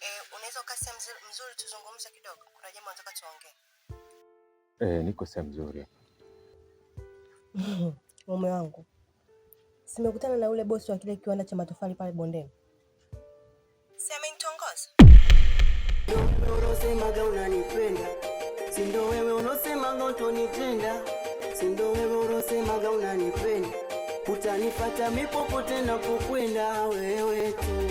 Eh, unaweza ukaa sehemu nzuri tuzungumze kidogo? Kuna jambo nataka tuongee. Eh, niko sehemu nzuri hapa. Mume wangu, simekutana na ule bosi wa kile kiwanda cha matofali pale bondeni. Si amenitongoza? unanipenda, si ndio? wewe? Unosemaga utonitenda, si ndio? wewe? Unosemaga unanipenda, utanipata mipopote kukwenda wewe tu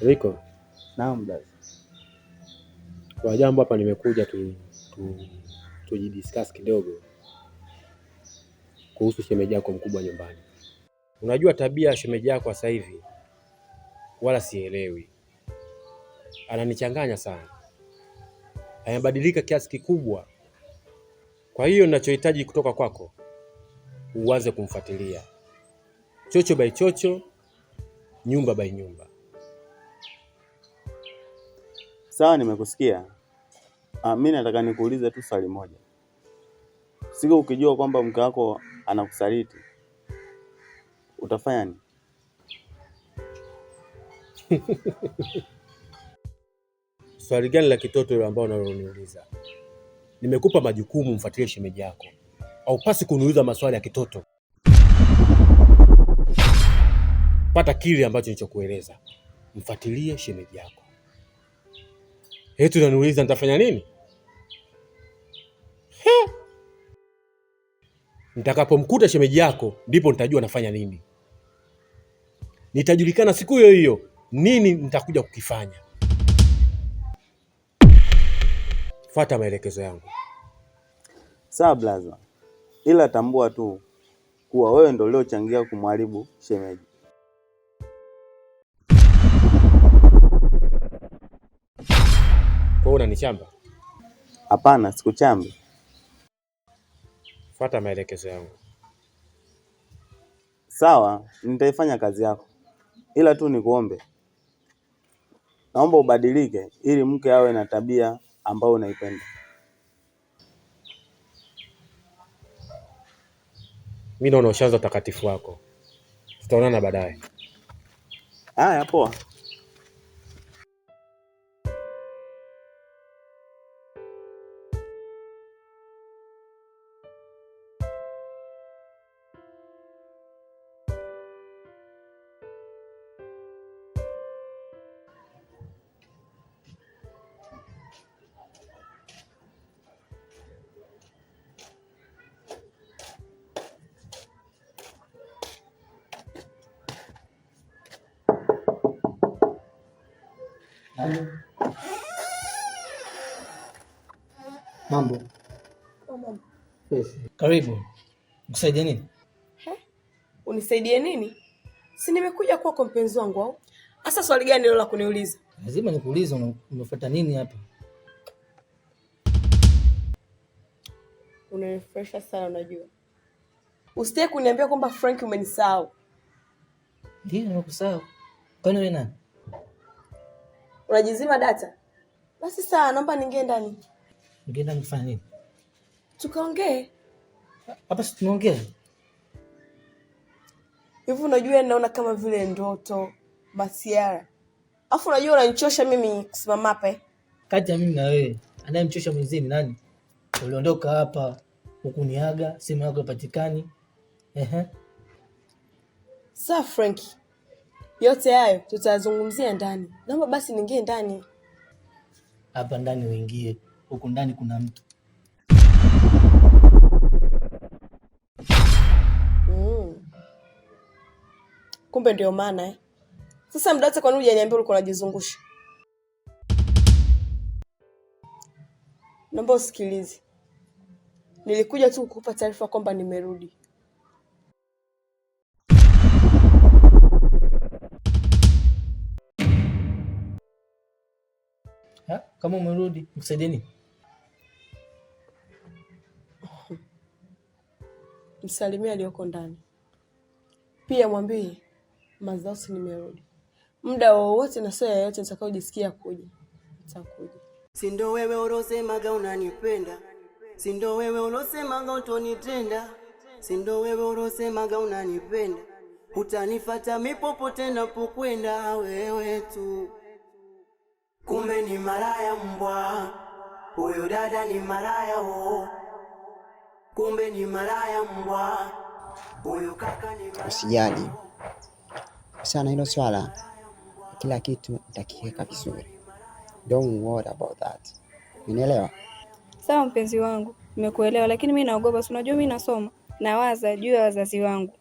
Riko, naam brother. Kwa jambo hapa nimekuja tu tujidiscuss kidogo kuhusu shemeji yako mkubwa nyumbani. Unajua tabia ya shemeji yako sasa hivi wala sielewi, ananichanganya sana, amebadilika kiasi kikubwa. Kwa hiyo ninachohitaji kutoka kwako uanze kumfuatilia chocho by chocho, nyumba by nyumba Sawa, nimekusikia. Ah, mi nataka nikuulize tu swali moja. Siku ukijua kwamba mke wako anakusaliti utafanya nini? Swali gani la kitoto hilo ambao unaloniuliza? Nimekupa majukumu, mfuatilie shemeji yako. au pasi kuniuliza maswali ya kitoto. Pata kile ambacho nilichokueleza, mfuatilie shemeji yako eti eh, unaniuliza nitafanya nini? nitakapomkuta shemeji yako ndipo nitajua nafanya nini. Nitajulikana siku hiyo hiyo nini nitakuja kukifanya. Fuata maelekezo yangu. Sawa blaza, ila tambua tu kuwa wewe ndio uliochangia kumharibu shemeji. unanichamba? Hapana, sikuchambi. Fuata maelekezo yangu. Sawa, nitaifanya kazi yako, ila tu nikuombe, naomba ubadilike ili mke awe na tabia ambayo unaipenda. Mimi naona ushaanza utakatifu wako, tutaonana baadaye. Haya, poa. Mambo. Karibu. Nikusaidie nini? Unisaidie nini? Si nimekuja kwako mpenzi wangu au? Hasa swali gani hilo la kuniuliza? Lazima nikuulize umefuata nini hapa? Unanifresha sana unajua. Usitaki kuniambia kwamba Frank umenisahau. Ndio, nimekusahau. Kwani wewe nani? Unajizima data? Basi sawa, naomba ningie ndani. Ningie ndani kufanya nini? Tukaongee hapa, si tunaongea hivi. Unajua naona kama vile ndoto masiara, afu unajua unanichosha mimi kusimama hapa. Eh? Kati ya mimi na wewe, anayemchosha mwenzie ni nani? Uliondoka hapa hukuniaga, simu yako ipatikani. Ehe, sawa Frankie. Yote hayo tutayazungumzia ndani. Naomba basi niingie ndani. Hapa ndani uingie, huku ndani kuna mtu mm. Kumbe ndio maana eh. Sasa mdata, nini hujaniambia ulikuwa unajizungusha? Naomba usikilize, nilikuja tu kukupa taarifa kwamba nimerudi Kama umerudi msaidieni. Msalimie aliyoko ndani, pia mwambie Mazausi nimerudi muda wowote na saa yoyote nitakayojisikia kuja nitakuja. Si ndo wewe ulosemaga unanipenda? Si ndo wewe ulosemaga utonitenda? Si ndo wewe ulosemaga unanipenda, utanifata mipopote napokwenda, wewe tu kumbe ni maraya mbwa, huyu dada ni maraya ho, kumbe ni maraya mbwa, huyu kaka ni malaya. Usijali sana hilo swala, kila kitu nitakiweka vizuri, don't worry about that, unielewa? Sawa mpenzi wangu, nimekuelewa, lakini mi naogopa, si unajua mi nasoma nawaza juu ya wazazi wangu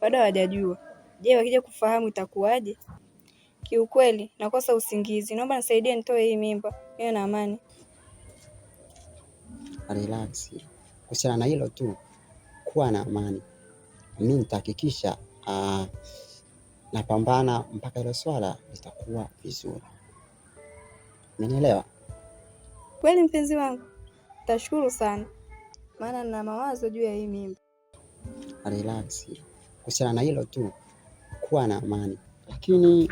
bado hawajajua. Je, wakija kufahamu itakuwaje? Kiukweli nakosa usingizi, naomba nisaidie nitoe hii mimba niwe na amani. Relax, kuhusiana na hilo tu, kuwa na amani. Mi nitahakikisha uh, napambana mpaka hilo swala litakuwa vizuri. Umenielewa? Kweli mpenzi wangu, tashukuru sana, maana nina mawazo juu ya hii mimba. Relax, kuhusiana na hilo tu, kuwa na amani lakini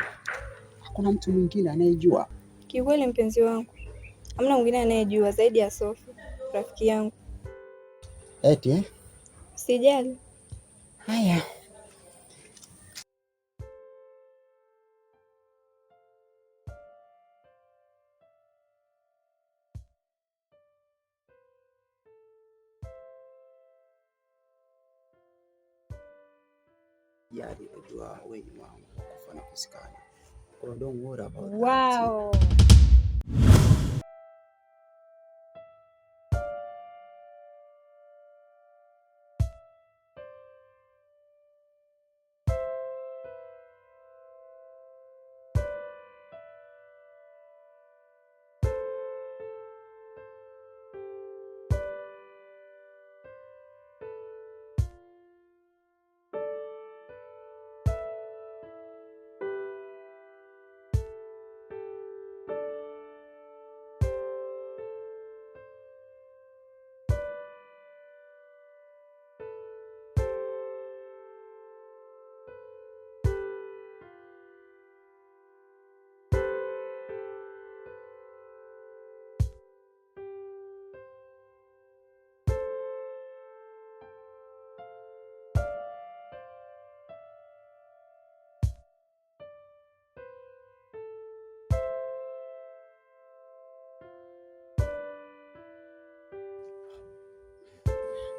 hakuna mtu mwingine anayejua. Kiukweli mpenzi wangu, hamna mwingine anayejua zaidi ya Sofi rafiki yangu. Eti eh? Sijali. Haya. Jali yaani, najua wengi wao wanakosekana. Kwa don't worry about that.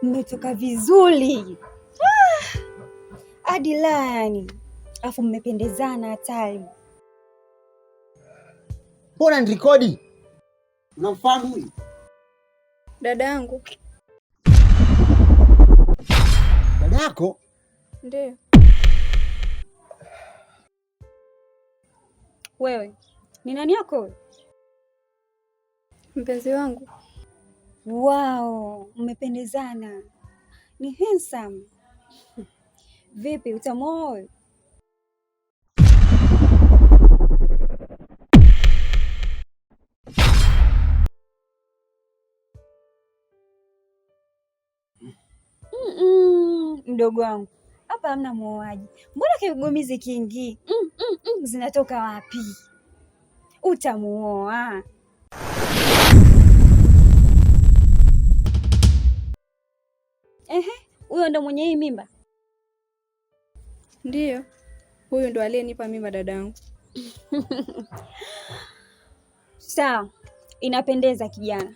mmetoka vizuri ah, hadi ah, la yani, afu mmependezana hatari. Mbona nirikodi? Unamfahamu dada yangu? Dada yako? Ndio. Wewe ni nani yako? Mpenzi wangu. Wow, mmependezana, ni handsome. Vipi, utamwoa Mm -mm, mdogo wangu hapa hamna muoaji. Mbona kigumizi kingi? Mm -mm -mm, zinatoka wapi? Utamuoa. Ehe, huyo ndo mwenye hii mimba? Ndiyo, huyu ndo aliyenipa mimba dadangu. Sawa, inapendeza kijana,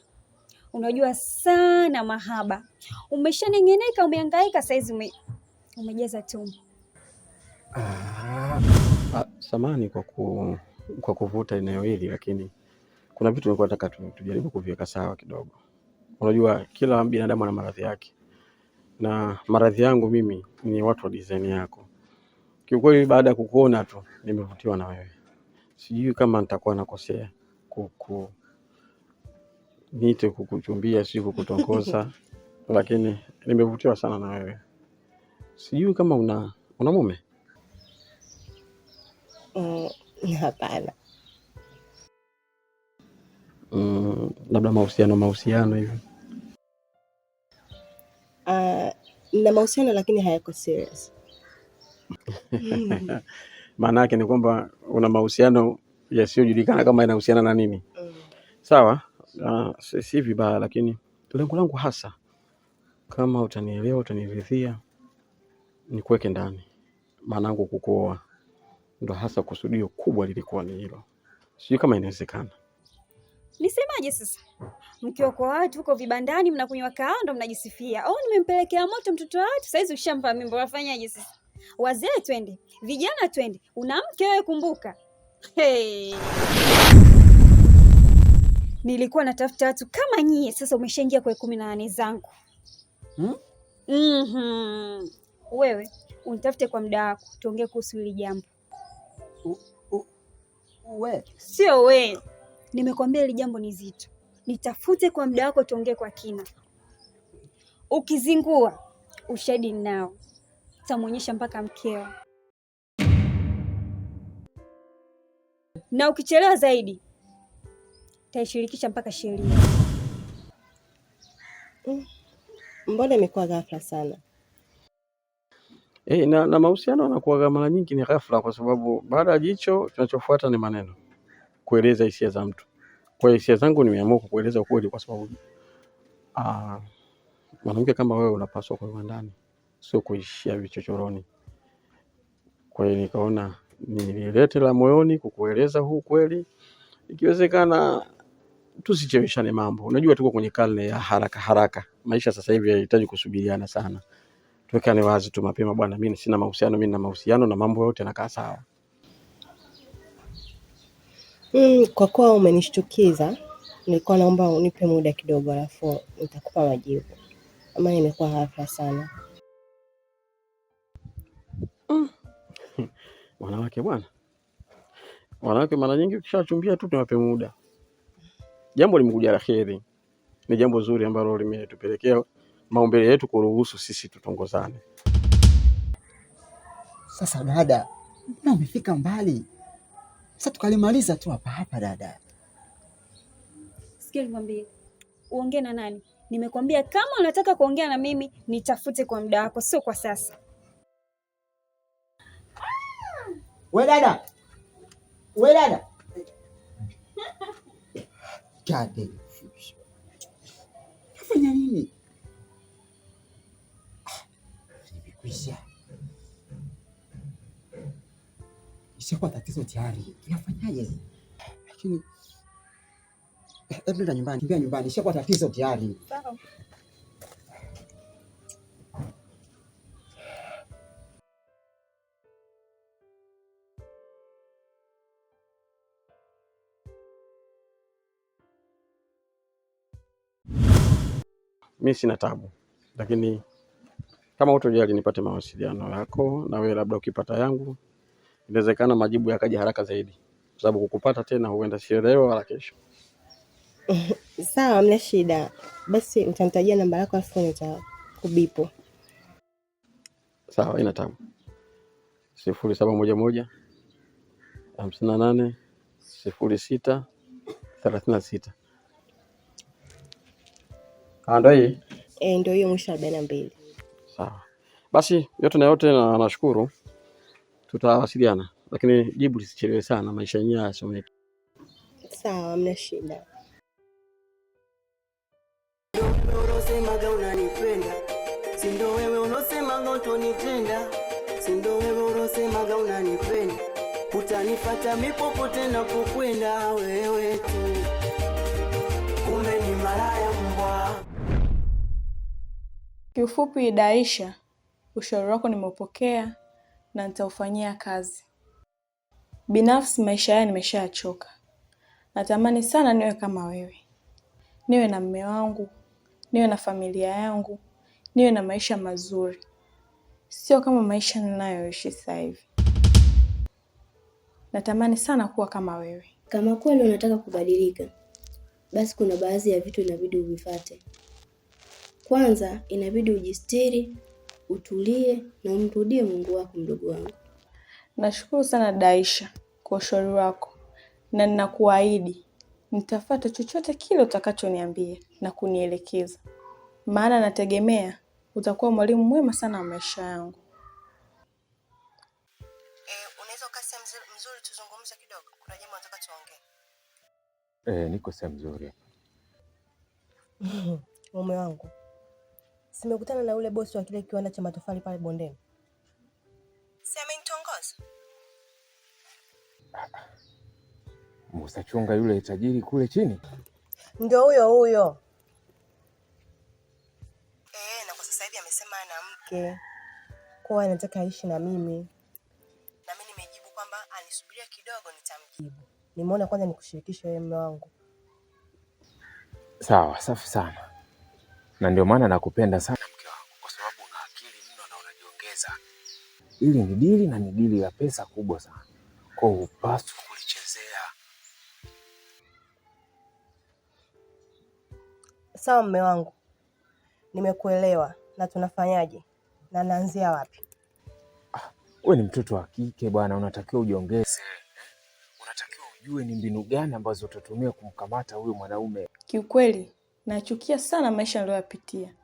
unajua sana mahaba. Umeshanengeneka, umehangaika, saizi ume... umejeza tumbo. Ah, ah, samani kwa ku... kwa kuvuta eneo hili, lakini kuna vitu nilikuwa nataka tujaribu kuviweka sawa kidogo. Unajua kila binadamu ana maradhi yake na maradhi yangu mimi ni watu wa design yako. Kiukweli, baada ya kukuona tu nimevutiwa na wewe. Sijui kama nitakuwa nakosea kuku niite kukuchumbia, si kukutongoza lakini nimevutiwa sana na wewe. Sijui kama una una mume? Mm, hapana. Mm, labda mahusiano mahusiano hivi Uh, na mahusiano lakini hayako serious. Maana yake ni kwamba una mahusiano yasiyojulikana kama inahusiana na nini. Mm. Sawa, uh, si vibaya, lakini lengo langu hasa, kama utanielewa, utaniridhia, nikuweke ndani. Maana yangu kukuoa ndo hasa kusudio kubwa lilikuwa ni hilo. Sijui kama inawezekana. Nisemaje sasa? mkiwa kwa watu huko vibandani, mnakunywa kahawa ndo mnajisifia, oh, nimempelekea moto mtoto wa watu, saizi ushampa mimba, wafanyaje sasa? Wazee twende, vijana twende, unamke wewe, kumbuka. Hey. Nilikuwa natafuta watu kama nyie, sasa umeshaingia kwa kumi na nane zangu hmm? mm -hmm. Wewe unitafute kwa muda wako, tuongee kuhusu hili jambo. Sio we, nimekwambia hili jambo ni zito nitafute kwa muda wako, tuongee kwa kina. Ukizingua ushahidi nao, tamwonyesha mpaka mkeo, na ukichelewa zaidi taishirikisha mpaka sheria. Mm, mbona imekuwa ghafla sana? Hey, eh, na, na mahusiano yanakuwa mara nyingi ni ghafla, kwa sababu baada ya jicho kinachofuata ni maneno, kueleza hisia za mtu. Kwa hisia zangu nimeamua kukueleza ukweli kwa sababu uh, mwanamke kama wewe unapaswa kuwa ndani, sio kuishia vichochoroni. Kwa hiyo nikaona nilete la moyoni kukueleza huu kweli, ikiwezekana tusicheweshane mambo. Unajua tuko kwenye karne ya haraka haraka, maisha sasa hivi yanahitaji kusubiriana sana. Tuwekane wazi tu mapema, bwana, mimi sina mahusiano, mimi na mahusiano na mambo yote yanakaa sawa. Mm, kwa kuwa umenishtukiza, nilikuwa naomba unipe muda kidogo, alafu nitakupa majibu. Ama imekuwa hapa sana. Mm. Wanawake bwana, wanawake mara nyingi ukishachumbia tu tunawape muda. Jambo limekuja la heri, ni jambo zuri ambalo limetupelekea maumbile yetu kuruhusu sisi tutongozane. Sasa dada, na umefika mbali sasa tukalimaliza tu hapa hapa dada. Sikia nikwambie, uongee na nani? Nimekwambia kama unataka kuongea na mimi nitafute kwa muda wako, sio kwa sasa. We dada, we dada nafanya nini? Ah, Nimekwisha Shakuwa tatizo tayari, tunafanyaje? Lakini hebu nyumbani, kimbia nyumbani, shakuwa tatizo tayari. Mi sina tabu, lakini kama utojali nipate mawasiliano yako, na wewe labda ukipata yangu inawezekana majibu yakaja haraka zaidi, kwa sababu kukupata tena huenda sielewe wala kesho. Sawa, mna shida. Basi utanitajia namba yako alafu nitakubipo. Sawa, ina tabu. sifuri saba moja moja hamsini na nane sifuri sita thelathini na sita ah, ndo hii e, ndio hiyo mwisho arobaini na mbili. Sawa basi, yote na yote, na nashukuru tutawasiliana, lakini jibu lisichelewe sana, maisha yenyewe hayasomeki. Sawa, hamna shida. Unosemaga unanipenda sindo wewe, unosemaga utonitenda sindo wewe, unosemaga unanipenda utanipata mipopote na kukwenda wewe tu, kumbe ni malaya mbwa. Kiufupi, Daisha, ushauri wako nimeupokea na nitaufanyia kazi. Binafsi maisha haya nimeshachoka, natamani sana niwe kama wewe, niwe na mme wangu, niwe na familia yangu, niwe na maisha mazuri, sio kama maisha ninayoishi sasa hivi. Natamani sana kuwa kama wewe. Kama kweli unataka kubadilika, basi kuna baadhi ya vitu inabidi uvifate. Kwanza inabidi ujistiri utulie na umrudie Mungu wako. Mdogo wangu, nashukuru sana Daisha kwa ushauri wako, na ninakuahidi nitafata chochote kile utakachoniambia na kunielekeza, maana nategemea utakuwa mwalimu mwema sana wa maisha yangu. Eh, eh niko sehemu nzuri. Mume wangu simekutana na ule bosi wa kile kiwanda cha matofali pale bondeni, si amenitongoza? Musa chunga yule tajiri kule chini, ndio huyo huyo. E, na kwa sasa hivi amesema ana mke kwa anataka aishi na mimi, na mimi nimejibu kwamba anisubiria kidogo, nitamjibu. Nimeona kwanza nikushirikishe wewe mume wangu. Sawa, safi sana na ndio maana nakupenda sana mke wangu, kwa sababu una akili mno na unajiongeza. Ili ni dili na ni dili ya pesa kubwa sana, kwa upaswi kulichezea. Sawa mme wangu, nimekuelewa. Na tunafanyaje? Na naanzia wapi? Ah, wewe ni mtoto wa kike bwana, unatakiwa ujiongeze, eh, unatakiwa ujue ni mbinu gani ambazo utatumia kumkamata huyu mwanaume. Kiukweli Nachukia sana maisha niliyoyapitia,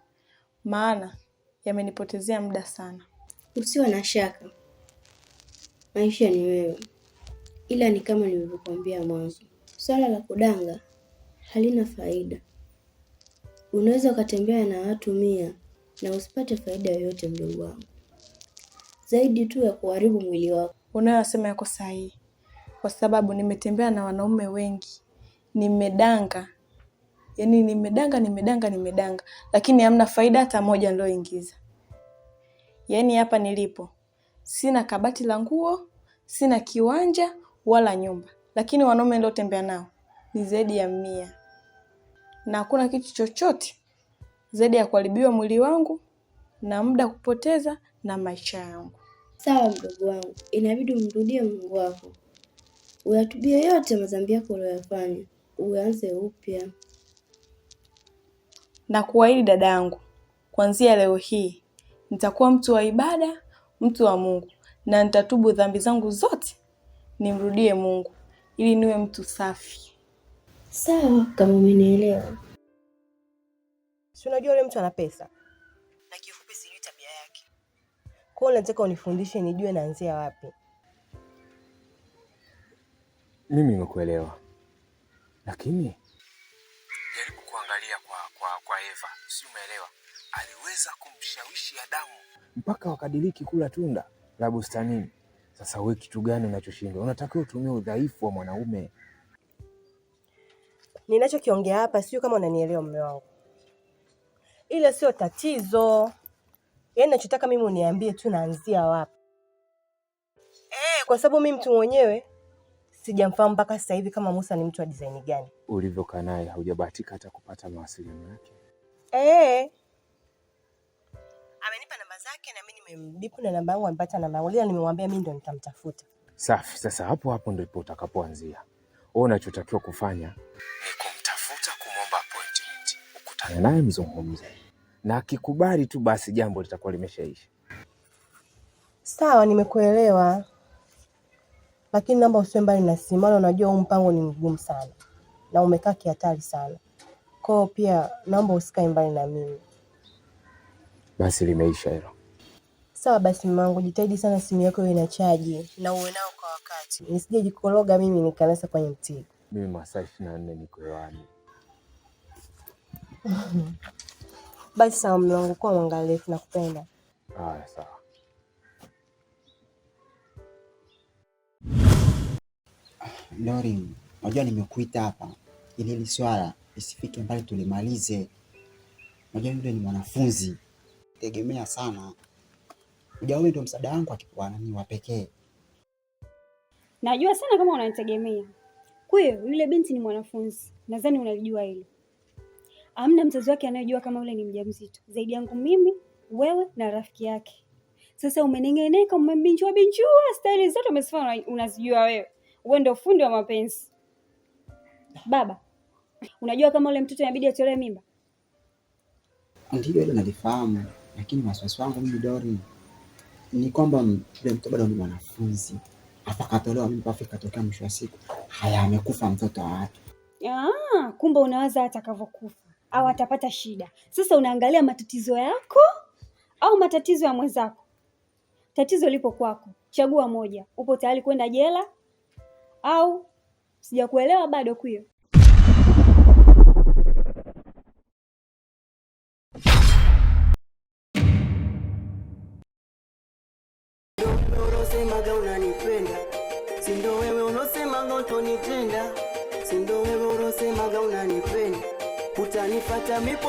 maana yamenipotezea muda sana. Usiwe na shaka, maisha ni wewe, ila ni kama nilivyokuambia mwanzo, swala la kudanga halina faida. Unaweza ukatembea na watu mia na usipate faida yoyote, mdogo wangu, zaidi tu ya kuharibu mwili wako. Unayosema yako sahihi, kwa sababu nimetembea na wanaume wengi, nimedanga yani nimedanga nimedanga nimedanga, lakini hamna faida hata moja nilioingiza. Yani hapa nilipo sina kabati la nguo, sina kiwanja wala nyumba, lakini wanaume niliotembea nao ni zaidi ya mia, na hakuna kitu chochote zaidi ya kuharibiwa mwili wangu na muda kupoteza na maisha yangu. Sawa mdogo wangu, inabidi umrudie Mungu wako, uyatubie yote madhambi yako uliyofanya, uanze upya na kuahidi dadangu, kuanzia leo hii nitakuwa mtu wa ibada, mtu wa Mungu, na nitatubu dhambi zangu zote nimrudie Mungu ili niwe mtu safi. Sawa, kama umenielewa. Si unajua yule mtu ana pesa na kifupi, sijui tabia yake. Kwa hiyo nataka unifundishe nijue naanzia wapi. Mimi nimekuelewa, lakini aliweza kumshawishi Adamu mpaka wakadiriki kula tunda la bustanini. Sasa wewe kitu gani unachoshindwa? Unatakiwa utumie udhaifu wa mwanaume. Ninachokiongea hapa sio kama unanielewa mume wangu, ile sio tatizo. Yaani nachotaka mimi uniambie tu naanzia wapi eh, kwa sababu mimi mtu mwenyewe sijamfahamu mpaka sasa hivi kama Musa ni mtu wa design gani. Ulivyokaa naye haujabahatika hata kupata mawasiliano yake eh. umemdipu na namba yangu amepata namba yangu. Ila nimemwambia mimi ndo nitamtafuta. Safi, sasa hapo hapo ndipo utakapoanzia. Wewe unachotakiwa kufanya ni kumtafuta, kumwomba appointment. Ukutane naye, mzungumze. Na akikubali tu basi jambo litakuwa limeshaisha. Sawa, nimekuelewa. Lakini naomba usiwe mbali na simu, maana unajua huu mpango ni mgumu sana na umekaa kihatari sana. kwao. pia naomba usikae mbali na mimi. Basi limeisha hilo. Sawa basi mama wangu, jitahidi sana simu yako iwe na chaji na uwe nao kwa wakati, jikologa mimi nikanasa kwenye mtego. Mimi masaa ishirini na nne niko hewani. Basi sawa mume wangu, kuwa mwangalifu, nakupenda. Haya, sawa. Lorin, unajua nimekuita hapa ili hili swala lisifike mbali, tulimalize. Unajua yule ni mwanafunzi, tegemea sana ujaume ndio msaada wangu akipwana ni wa pekee. Najua sana kama unanitegemea. Kwa hiyo yule binti ni mwanafunzi, nadhani unalijua hilo. Amna mzazi wake anayejua kama yule ni mjamzito zaidi yangu mimi, wewe na rafiki yake. Sasa umenengeneka, umebinjua binjua, staili zote umesifanya, unazijua wewe. Wewe ndio fundi wa mapenzi baba. Unajua kama yule mtoto inabidi atolewe mimba? Ndio, hilo nalifahamu, lakini wasiwasi wangu mimi Dori ni kwamba yule mtoto bado ni mwanafunzi hapa, katolewa mimba afa ikatokea, mwisho wa siku haya, amekufa mtoto wa watu. Ah, kumbe unawaza hata atakavyokufa au atapata shida. Sasa unaangalia matatizo yako au matatizo ya mwenzako. Tatizo lipo kwako, chagua moja. Upo tayari kwenda jela au sijakuelewa bado? Kwio mí.